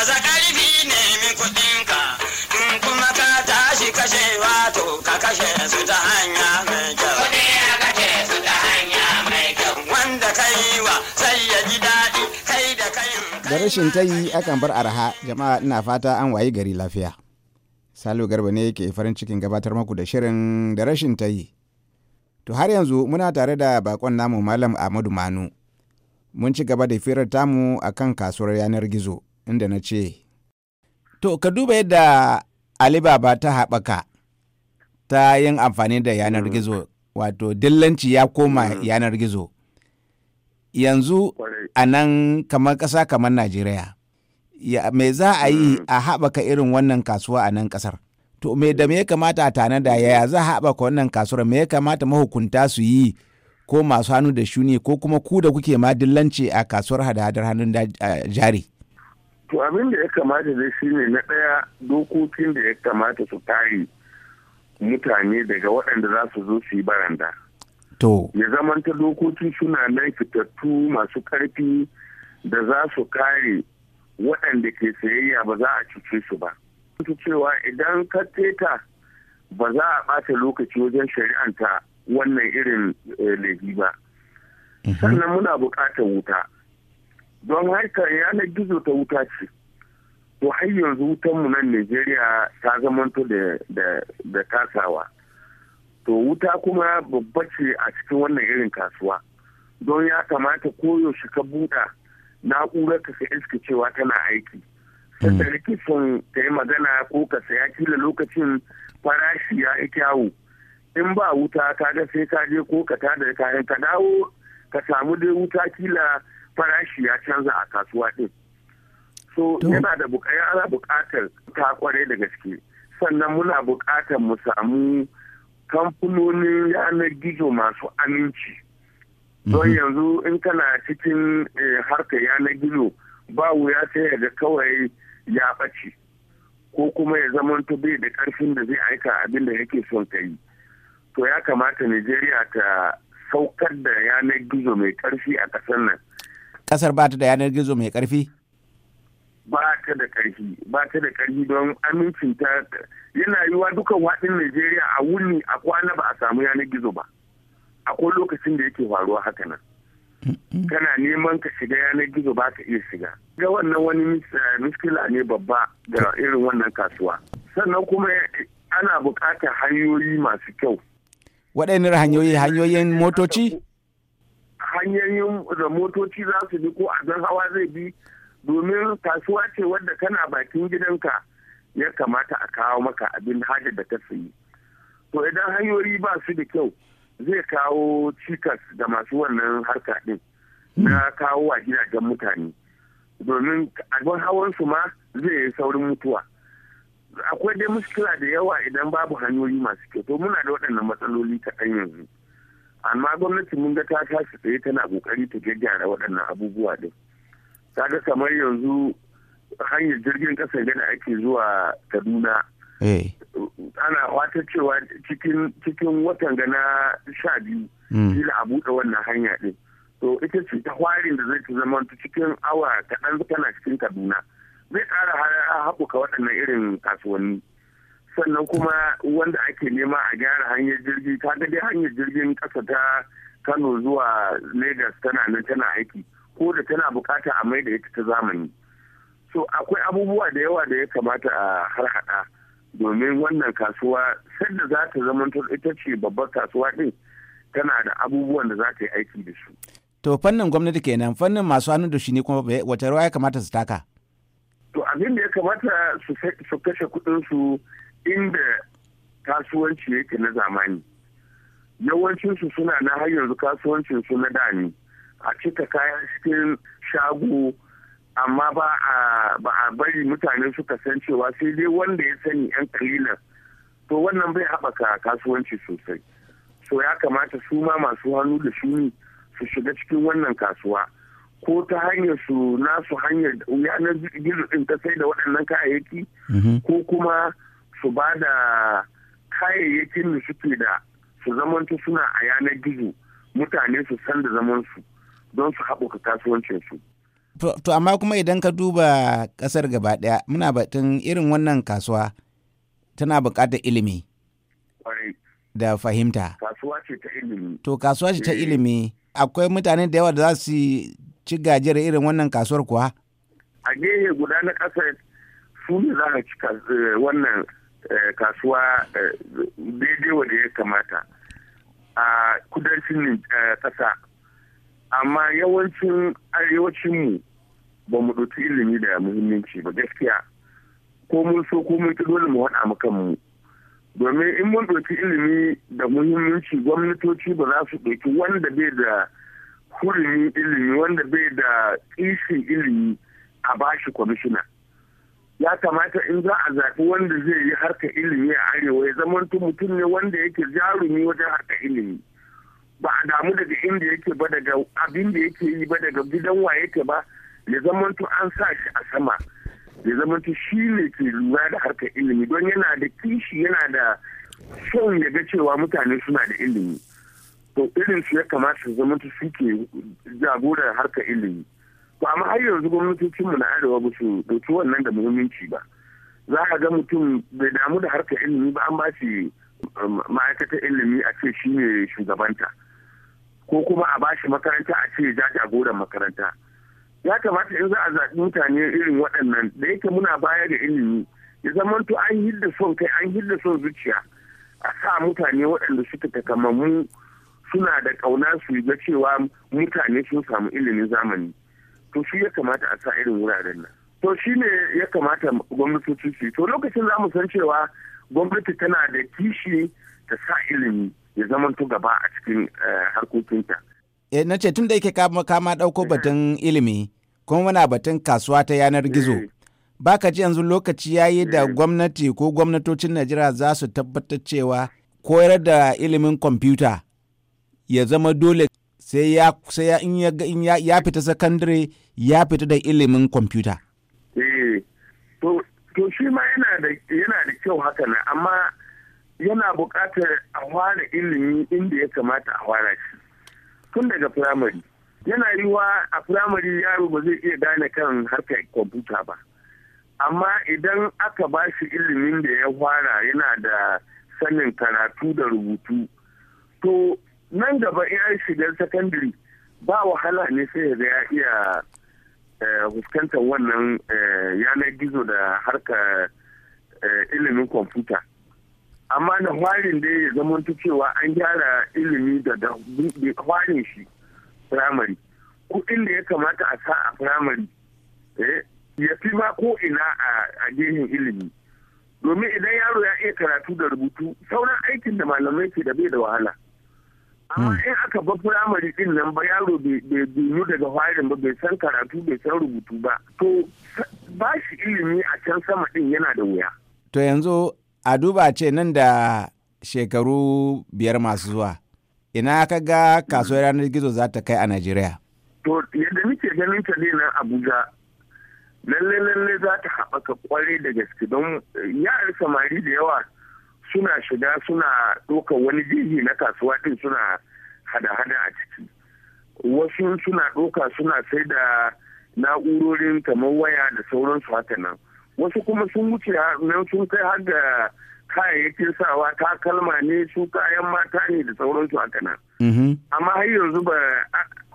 baza ƙarfi nemi kuɗinka in kuma ka tashi kashe wato ka kashe su ta hanya mai kyau. ya su ta hanya mai kyau. Wanda ka yi wa sai ya ji daɗi kai da kayin. Da rashin ta yi akan bar araha jama'a ina fata an wayi gari lafiya. Salo Garba ne ke farin cikin gabatar muku da shirin da rashin ta yi. To har yanzu muna tare da bakon namu Malam Ahmadu Manu. Mun ci gaba da firar tamu akan kasuwar yanar gizo. inda na ce to ka duba yadda alibaba ta haɓaka ta yin amfani da yanar mm. gizo wato dillanci ya koma mm. yanar gizo yanzu a nan kamar ƙasa kamar najeriya me za a yi mm. a haɓaka irin wannan kasuwa a nan ƙasar to me da me ya kamata a tanada yaya za a haɓaka wannan kasuwar me ya kamata mahukunta su yi ko masu hannu da shuni ko kuma ku da kuke ma dillanci a kasuwar hada-hadar hannun jari to abin da ya kamata zai shi ne na ɗaya dokokin da ya kamata su kare mutane daga waɗanda za su zo su yi baranda to ya zamanta dokoki suna nan fitattu masu ƙarfi da za su kare waɗanda ke sayayya ba za a cuce su ba cewa idan ka teta ba za a ɓata lokaci wajen shari'anta wannan irin eh, laifi ba mhm. sannan muna buƙatar wuta don haka yanar gizo ta wuta ce to har yanzu mu nan najeriya ta zamanto da kasawa to wuta kuma babba ce a cikin wannan irin kasuwa don ya kamata koyaushe ka buɗa na'urar ka iska cewa tana aiki sanda mm. rikicin ta yi magana ko ka saya kila lokacin farashi ya yi kyawu in ba wuta ka ga sai ka je ko ka tada kayan ka dawo ka samu dai wuta kila farashi ya canza a kasuwa ɗin so yana da ana buƙatar ta kwarai da gaske sannan muna buƙatar mu samu kamfanonin yanar gizo masu aminci don mhm. yanzu in kana cikin eh, harka yanar gizo ba wuya sai ya kawai ya ɓace ko kuma ya zamanto bai da ƙarfin da zai aika abin da yake son ka yi to ya kamata nigeria ta saukar da yanar gizo mai karfi a ƙasar nan ƙasar ba ta da yanar gizo mai karfi ba ta da karfi ba ta da karfi don amincin ta yana yiwa dukan waɗin najeriya a wuni a kwana ba a samu yanar gizo ba akwai lokacin da yake faruwa haka nan kana neman ka shiga yanar gizo ba ka iya shiga ga wannan wani eh, miskila ne babba da irin wannan kasuwa sannan kuma eh, ana buƙatar hanyoyi masu kyau waɗannan hanyoyi hanyoyin motoci hanyoyin da motoci za su bi ko abin hawa zai bi domin kasuwa ce wadda kana bakin gidanka ya kamata a kawo maka abin hajar da ta sayi to idan hanyoyi ba su da kyau zai kawo cikas da masu wannan harka ɗin na kawo wa gidajen mutane domin abin su ma zai yi saurin mutuwa akwai dai muskila da yawa idan babu hanyoyi masu kyau to muna da waɗannan matsaloli ɗan yanzu amma gwamnati mun ga ta tashi tsaye tana kokari ta gyaggyara waɗannan abubuwa din kaga kamar yanzu hanyar jirgin ƙasa gani ake zuwa kaduna eh. ana wata cewa cikin watan gana sha biyu hmm. kila a buɗe wannan hanya din to ita ce ta hwarin da zai ta zama cikin awa kaɗan tana cikin kaduna zai kara haɓuka waɗannan irin kasuwanni sannan kuma wanda ake nema a gyara hanyar jirgi ta ga dai hanyar jirgin ƙasa ta kano zuwa lagos tana nan tana aiki ko da tana bukata a mai da ita ta zamani so akwai abubuwa da yawa da ya kamata a harhaɗa domin wannan kasuwa da za ta zama ita ce babbar kasuwa ɗin tana da abubuwan da za ta yi aiki da su to fannin gwamnati kenan fannin masu hannu da shi ne kuma eh, wata rawa ya kamata su taka kamata su kashe kudinsu inda kasuwanci yake na zamani yawancinsu suna na har yanzu kasuwancinsu na dani a cika kayan cikin shago amma ba a bari mutane suka san cewa sai dai wanda ya sani yan kalilan to wannan bai haɓaka kasuwanci sosai so ya kamata su ma masu hannu da shuni su shiga cikin wannan kasuwa ko ta hanyar su nasu hanyar yanar gizo din ta sai da waɗannan kayayyaki mhm. ko kuma su ba da kayayyakin da suke da su zamanta suna a yanar gizo mutane su san da zaman su don su haɓuka kasuwancinsu. su. To amma kuma idan ka duba ƙasar gaba ɗaya muna batun irin wannan kasuwa tana buƙatar ilimi. Da fahimta. Kasuwa ce ta ilimi. To kasuwa ce ta eh. ilimi. Akwai mutane da yawa da za su ci gajiyar irin wannan kasuwar kuwa? A gehe guda na ƙasa su ne za a ci eh, wannan eh, kasuwa eh, daidai wanda ya kamata a kudancin ƙasa. Amma yawancin arewacinmu ba mu ɗauki ilimi da muhimmanci ba gaskiya. Ko mun so ko mun dole mu haɗa mu kanmu. Domin in mun ɗauki ilimi da muhimmanci gwamnatoci ba za su ɗauki wanda bai da kurin ilimi wanda bai da kishin ilimi a bashi kwamishina ya kamata in za a zaɓi wanda zai yi harka ilimi a arewa ya zamanto mutum ne wanda yake jarumi wajen harka ilimi ba a damu daga inda yake ba daga abin da yake yi ba daga gidan wa yake ba ya zamanto an sa shi a sama ya zamanto shi ne ke lura da harka ilimi don yana da kishi yana da son ya ga cewa mutane suna da ilimi to irin su ya kamata su zama suke jagorar harkar ilimi to amma har yanzu mu na arewa ba su dauki wannan da muhimmanci ba za a ga mutum bai damu da harkar ilimi ba an ba um, ma'aikatar ilimi a ce shi ne shugabanta ko kuma a bashi makaranta a ce ja jagoran makaranta ya kamata in za a zaɓi mutane irin waɗannan da yake muna baya da ilimi ya zamanto an hidda son kai an hidda son zuciya a sa mutane waɗanda suka takamammu suna da ƙauna su ga cewa mutane sun samu ilimin zamani to shi ya kamata a sa irin wuraren nan to shi ne ya kamata gwamnatoci su to lokacin za mu san cewa gwamnati tana da kishi ta sa ilimi ya zama to gaba a cikin eh, harkokinta eh, na ce tun da yake kama ɗauko batun ilimi kuma muna batun kasuwa ta yanar gizo eh. baka ji yanzu lokaci ya yi da gwamnati ko gwamnatocin najeriya za su tabbatar cewa koyar da ilimin kwamfuta ya zama dole sai ya sai ya in ya ya fita sakandare ya fita da ilimin kwamfuta eh to to shi ma yana da yana da kyau haka na amma yana buƙatar a fara ilimi inda ya kamata a fara shi tun daga firamare yana yiwa a firamare yaro ba zai iya gane kan harkar kwamfuta ba amma idan aka ba shi ilimin da ya fara yana da sanin karatu da rubutu to nan gaba ya an shiga sakandare ba wahala ne sai ya ya iya eh, fuskantar wannan eh, yanar gizo da harka eh, ilimin kwamfuta amma da hwarin da ya zama cewa an gyara ilimi da hwarin shi firamare kuɗin da ya kamata a sa a firamare ya fi ma ko ina a gehen ilimi domin idan yaro ya iya karatu da rubutu sauran aikin da malamai ke da bai da wahala amma hmm. in aka ba firamare din nan ba yaro bai biyu daga farin ba bai san karatu bai san rubutu ba to ba shi ilimi a can sama din yana da wuya to yanzu a duba ce nan da shekaru biyar masu zuwa ina ka ga kasuwar yanar gizo za ta kai a najeriya to yadda muke ganin ta nan abuja lalle lalle za ta haɓaka kwarai da gaske don eh, yaran samari da yawa suna shiga suna ɗaukar wani jirgi na kasuwa ɗin suna hada-hada a ciki wasu suna ɗauka suna sai da na'urorin kamar waya da sauransu haka nan wasu kuma sun wuce nan sun kai har da kayayyakin sawa takalma ne su kayan mata ne da sauransu haka nan mm-hmm. amma har yanzu ba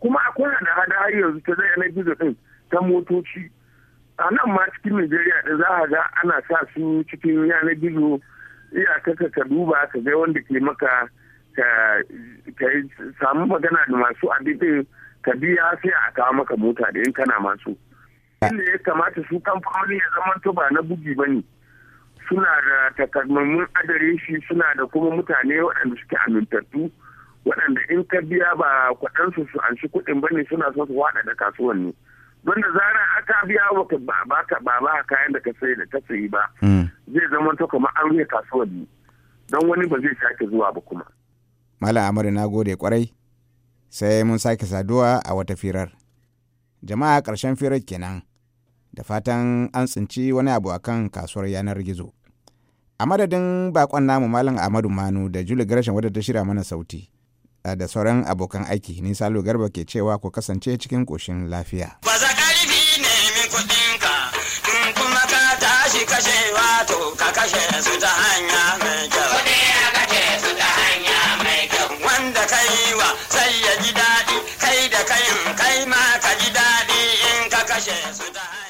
kuma akwai hada-hada har yanzu ta zai na gizo din ta motoci a nan ma cikin nigeria da za a ga ana sa su cikin yanar gizo kaka ka duba ka ga wanda ke maka ka samu magana da masu abin ka biya sai a kawo maka mota da in kana masu inda ya kamata su kamfani ya zama to ba na bugi ba ne suna da adare adireshi suna da kuma mutane waɗanda suke amintattu waɗanda in ka biya ba kwadansu su anshi kuɗin ba ne suna so su waɗa da kasuwanni don da zara aka biya ba ba kayan da ka sayi da ka sayi ba hmm. zai zama to kamar an rufe kasuwar ne don wani ba zai sake zuwa ba kuma. Mala Amadu na gode kwarai sai mun sake saduwa a wata firar. Jama'a ƙarshen firar kenan da fatan an tsinci wani abu akan kasuwar yanar gizo. A madadin bakon namu Malam Amadu Manu da Julie Gresham wadda ta shirya mana sauti da sauran abokan aiki ni Salo Garba ke cewa ku kasance cikin ƙoshin lafiya. wato ka kashe su ta hanya mai kyau